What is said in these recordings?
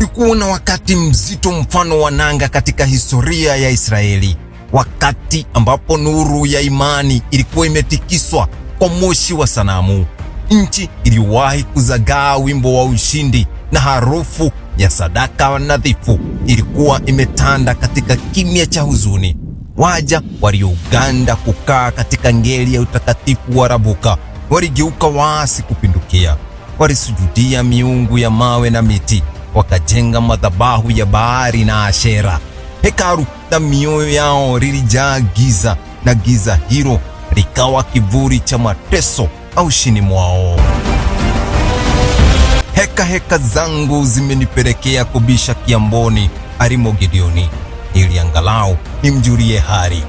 Kulikuwa na wakati mzito mfano wa nanga katika historia ya Israeli, wakati ambapo nuru ya imani ilikuwa imetikiswa kwa moshi wa sanamu. Nchi iliwahi kuzagaa wimbo wa ushindi na harufu ya sadaka nadhifu ilikuwa imetanda katika kimya cha huzuni. Waja walioganda kukaa katika ngeli ya utakatifu wa Rabuka waligeuka waasi kupindukia, walisujudia miungu ya mawe na miti wakajenga madhabahu ya Baali na Ashera. Hekalu na mioyo yao lilijaa giza, na giza hilo likawa kivuli cha mateso au shini mwao. Heka heka zangu zimenipelekea kubisha kiamboni, alimo Gideoni, ili angalau nimjulie hali.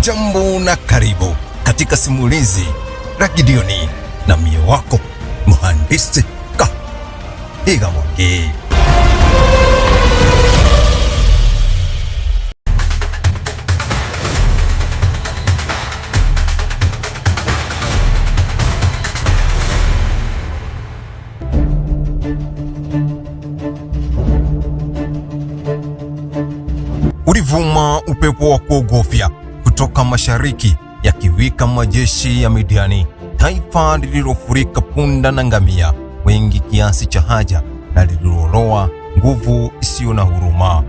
Jambo na karibu katika simulizi la Gideoni na mie wako mhandisi নিগমকে Ulivuma upepo wa kuogofya kutoka mashariki, yakiwika majeshi ya Midiani, taifa lililofurika punda na ngamia wengi kiasi cha haja na lililoroa nguvu isiyo na huruma.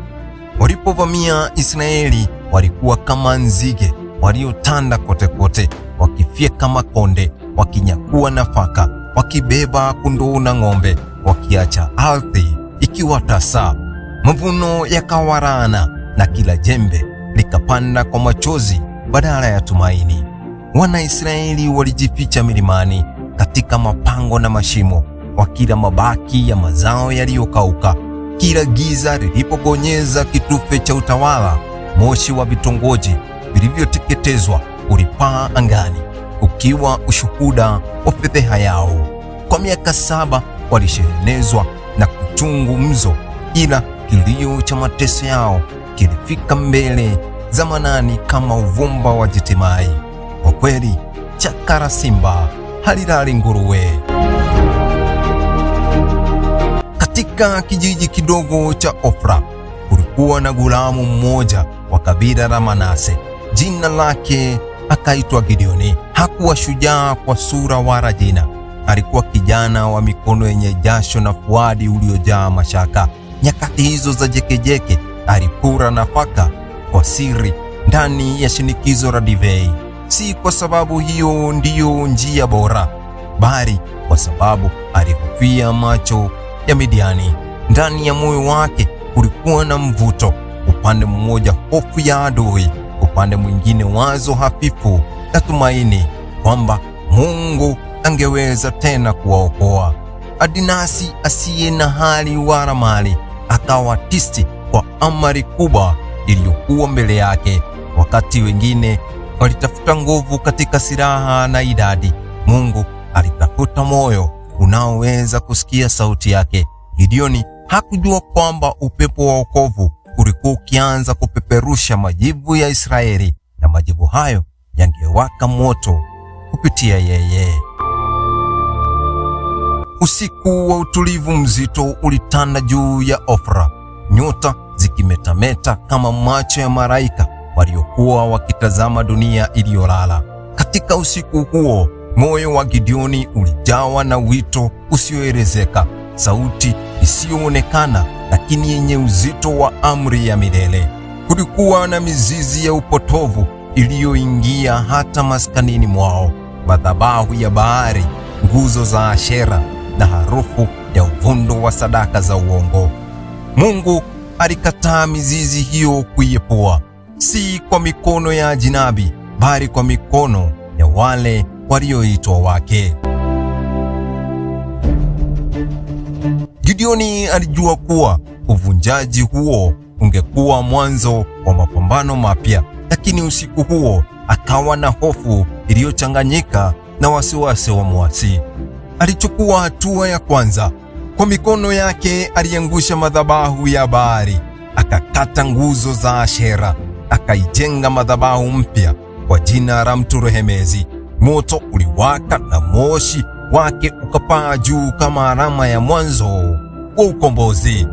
Walipovamia Israeli, walikuwa kama nzige waliotanda kote kote, wakifyeka kama konde, wakinyakua nafaka, wakibeba kondoo na ng'ombe, wakiacha ardhi ikiwa tasa. Mavuno yakawarana na kila jembe likapanda kwa machozi badala ya tumaini. Wanaisraeli walijificha milimani, katika mapango na mashimo kwa kila mabaki ya mazao yaliyokauka. Kila giza lilipobonyeza kitufe cha utawala, moshi wa vitongoji vilivyoteketezwa ulipaa angani, ukiwa ushuhuda wa fedheha yao. Kwa miaka saba walishenezwa na kuchungu mzo, ila kilio cha mateso yao kilifika mbele za Manani kama uvumba wa jitimai. Kwa kweli, chakara simba halilali nguruwe. Katika kijiji kidogo cha Ofra kulikuwa na gulamu mmoja wa kabila la Manase, jina lake akaitwa Gideoni. Hakuwa shujaa kwa sura wala jina, alikuwa kijana wa mikono yenye jasho na fuadi uliojaa mashaka. Nyakati hizo za jekejeke, alipura nafaka kwa siri ndani ya shinikizo la divei, si kwa sababu hiyo ndiyo njia bora, bali kwa sababu alihofia macho ya Midiani. Ndani ya moyo wake kulikuwa na mvuto, upande mmoja hofu ya adui, upande mwingine wazo hafifu na tumaini kwamba Mungu angeweza tena kuwaokoa. Adinasi asiye na hali wala mali akawa tisti kwa amari kubwa iliyokuwa mbele yake. Wakati wengine walitafuta nguvu katika silaha na idadi, Mungu alitafuta moyo unaoweza kusikia sauti yake. Gideoni hakujua kwamba upepo wa wokovu ulikuwa ukianza kupeperusha majivu ya Israeli, na majivu hayo yangewaka moto kupitia yeye. Usiku wa utulivu mzito ulitanda juu ya Ofra, nyota zikimetameta kama macho ya malaika waliokuwa wakitazama dunia iliyolala. Katika usiku huo Moyo wa Gideoni ulijawa na wito usioelezeka, sauti isiyoonekana lakini yenye uzito wa amri ya milele. Kulikuwa na mizizi ya upotovu iliyoingia hata maskanini mwao, madhabahu ya Baali, nguzo za Ashera na harufu ya uvundo wa sadaka za uongo. Mungu alikataa mizizi hiyo kuiepua, si kwa mikono ya ajinabi, bali kwa mikono ya wale walioitwa wake. Gideoni alijua kuwa uvunjaji huo ungekuwa mwanzo wa mapambano mapya, lakini usiku huo akawa na hofu iliyochanganyika na wasiwasi wa mwasi. Alichukua hatua ya kwanza. Kwa mikono yake aliangusha madhabahu ya Baali, akakata nguzo za Ashera, akaijenga madhabahu mpya kwa jina la Mturehemezi. Moto uliwaka na moshi wake ukapaa juu kama alama ya mwanzo wa ukombozi.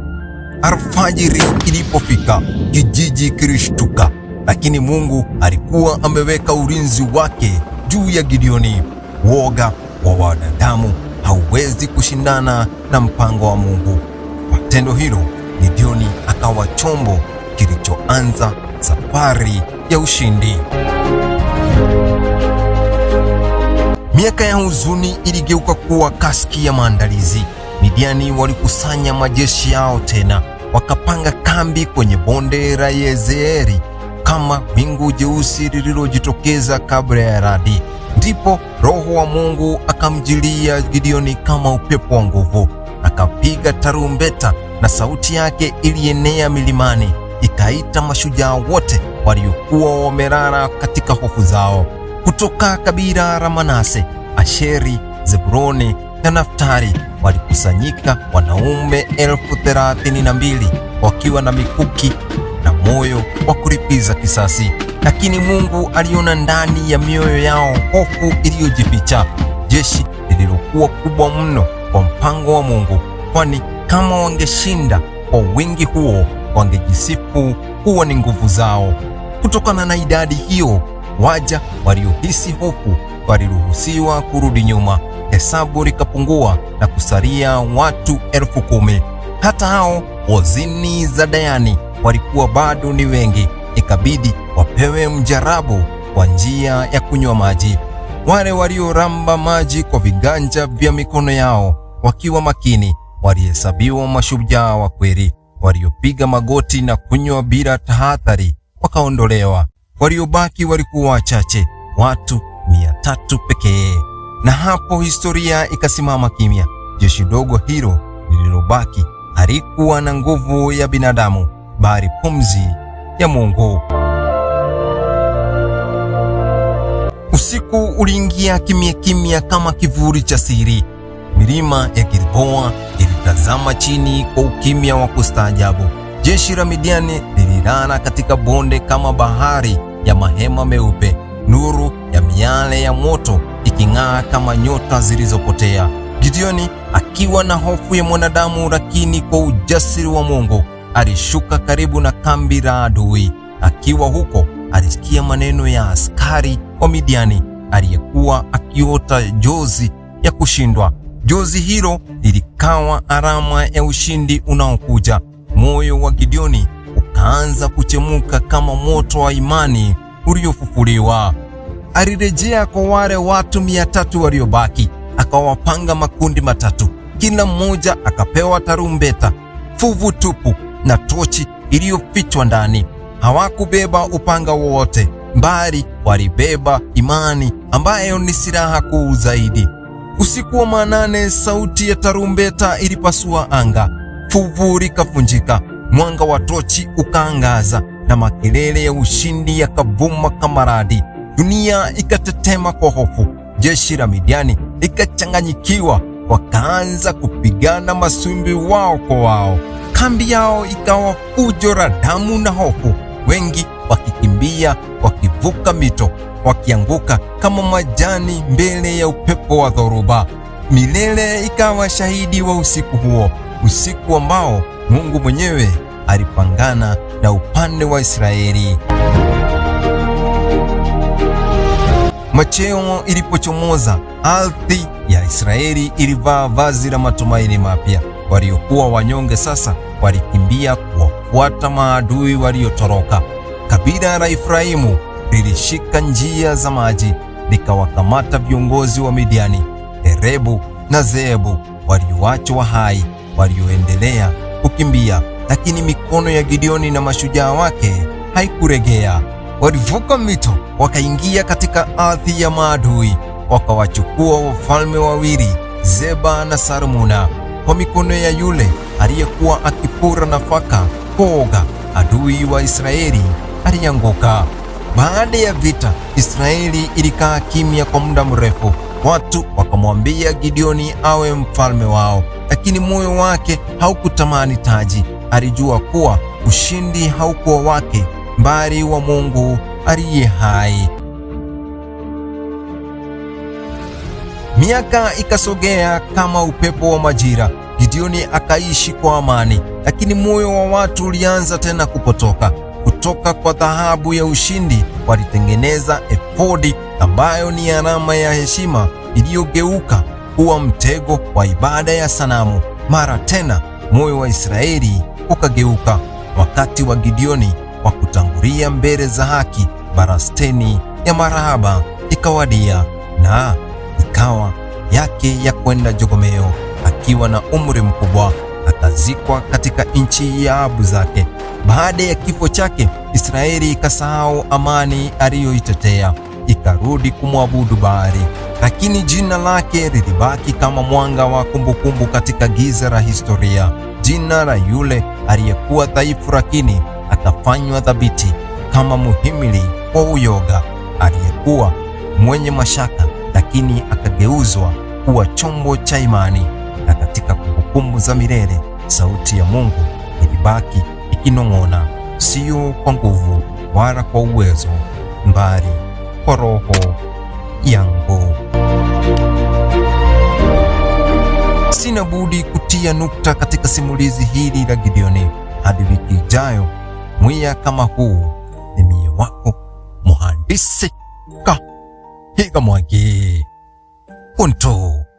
Alfajiri ilipofika, kijiji kilishtuka, lakini Mungu alikuwa ameweka ulinzi wake juu ya Gideoni. Woga wa wanadamu hauwezi kushindana na mpango wa Mungu. Kwa tendo hilo, Gideoni akawa chombo kilichoanza safari ya ushindi. Miaka ya huzuni iligeuka kuwa kaski ya maandalizi. Midiani walikusanya majeshi yao tena, wakapanga kambi kwenye bonde la yezeeri kama wingu jeusi lililojitokeza kabla ya radi. Ndipo Roho wa Mungu akamjilia Gideoni kama upepo wa nguvu, akapiga tarumbeta na sauti yake ilienea milimani, ikaita mashujaa wote waliokuwa wamelala katika hofu zao kutoka kabila la Manase, Asheri, Zebuloni na Naftali walikusanyika wanaume elfu thelathini na mbili wakiwa na mikuki na moyo wa kulipiza kisasi, lakini Mungu aliona ndani ya mioyo yao hofu iliyojificha, jeshi lililokuwa kubwa mno kwa mpango wa Mungu, kwani kama wangeshinda kwa wingi huo wangejisifu kuwa ni nguvu zao. Kutokana na idadi hiyo Waja waliohisi hofu waliruhusiwa kurudi nyuma, hesabu likapungua na kusalia watu elfu kumi. Hata hao wazini za Dayani walikuwa bado ni wengi, ikabidi wapewe mjarabu kwa njia ya kunywa maji. Wale walioramba maji kwa viganja vya mikono yao wakiwa makini walihesabiwa mashujaa wa kweli. Waliopiga magoti na kunywa bila tahadhari wakaondolewa waliobaki walikuwa wachache, watu mia tatu pekee. Na hapo historia ikasimama kimya. Jeshi dogo hilo lililobaki halikuwa na nguvu ya binadamu, bali pumzi ya Mungu. Usiku uliingia kimya kimya kama kivuli cha siri. Milima ya Gilboa ilitazama chini kwa ukimya wa kustaajabu. Jeshi la Midiani lililala katika bonde kama bahari ya mahema meupe, nuru ya miale ya moto iking'aa kama nyota zilizopotea. Gideoni akiwa na hofu ya mwanadamu, lakini kwa ujasiri wa Mungu, alishuka karibu na kambi la adui. Akiwa huko, alisikia maneno ya askari wa Midiani aliyekuwa akiota jozi ya kushindwa. Jozi hilo lilikawa alama ya ushindi unaokuja. Moyo wa Gideoni akaanza kuchemuka kama moto wa imani uliofufuliwa. Alirejea kwa wale watu mia tatu waliobaki, akawapanga makundi matatu, kila mmoja akapewa tarumbeta, fuvu tupu na tochi iliyofichwa ndani. Hawakubeba upanga wowote, bali walibeba imani ambayo ni silaha kuu zaidi. Usiku wa manane, sauti ya tarumbeta ilipasua anga, fuvu likafunjika, mwanga wa tochi ukaangaza na makelele ya ushindi yakavuma kama radi. Dunia ikatetema kwa hofu, jeshi la Midiani ikachanganyikiwa, wakaanza kupigana masumbi wao kwa wao. Kambi yao ikawa fujo la damu na hofu, wengi wakikimbia, wakivuka mito, wakianguka kama majani mbele ya upepo wa dhoruba. Milele ikawa shahidi wa usiku huo, usiku ambao Mungu mwenyewe alipangana na upande wa Israeli. Macheo ilipochomoza, ardhi ya Israeli ilivaa vazi la matumaini mapya. Waliokuwa wanyonge sasa walikimbia kuwafuata maadui waliotoroka. Kabila la Efraimu lilishika njia za maji, likawakamata viongozi wa Midiani, Erebu na Zeebu, walioachwa hai, walioendelea kukimbia, lakini mikono ya Gideoni na mashujaa wake haikuregea. Walivuka mito, wakaingia katika ardhi ya maadui, wakawachukua wafalme wawili, Zeba na Sarmuna. kwa mikono ya yule aliyekuwa akipura nafaka kooga. Adui wa Israeli alianguka. Baada ya vita, Israeli ilikaa kimya kwa muda mrefu. Watu wakamwambia Gideoni awe mfalme wao, lakini moyo wake haukutamani taji. Alijua kuwa ushindi haukuwa wake, mbali wa Mungu aliye hai. Miaka ikasogea kama upepo wa majira. Gideoni akaishi kwa amani, lakini moyo wa watu ulianza tena kupotoka. Kutoka kwa dhahabu ya ushindi walitengeneza hodi ambayo ni alama ya heshima iliyogeuka kuwa mtego wa ibada ya sanamu. Mara tena moyo wa Israeli ukageuka wakati wa Gideoni wa kutangulia mbele za haki. Barasteni ya marahaba ikawadia na ikawa yake ya kwenda Jogomeo. Akiwa na umri mkubwa, akazikwa katika nchi ya abu zake. Baada ya kifo chake, Israeli ikasahau amani aliyoitetea itarudi kumwabudu bahari, lakini jina lake lilibaki kama mwanga wa kumbukumbu kumbu katika giza la historia, jina la yule aliyekuwa dhaifu lakini akafanywa thabiti, kama muhimili wa uyoga, aliyekuwa mwenye mashaka lakini akageuzwa kuwa chombo cha imani. Na katika kumbukumbu za milele, sauti ya Mungu ilibaki ikinong'ona, sio kwa nguvu wala kwa uwezo, mbali kwa roho yangu. Sina budi kutia nukta katika simulizi hili la Gideoni. Hadi wiki ijayo, mwia kama huu, ni mie wako Mhandisi Kahiga Mwagi. Kuntu.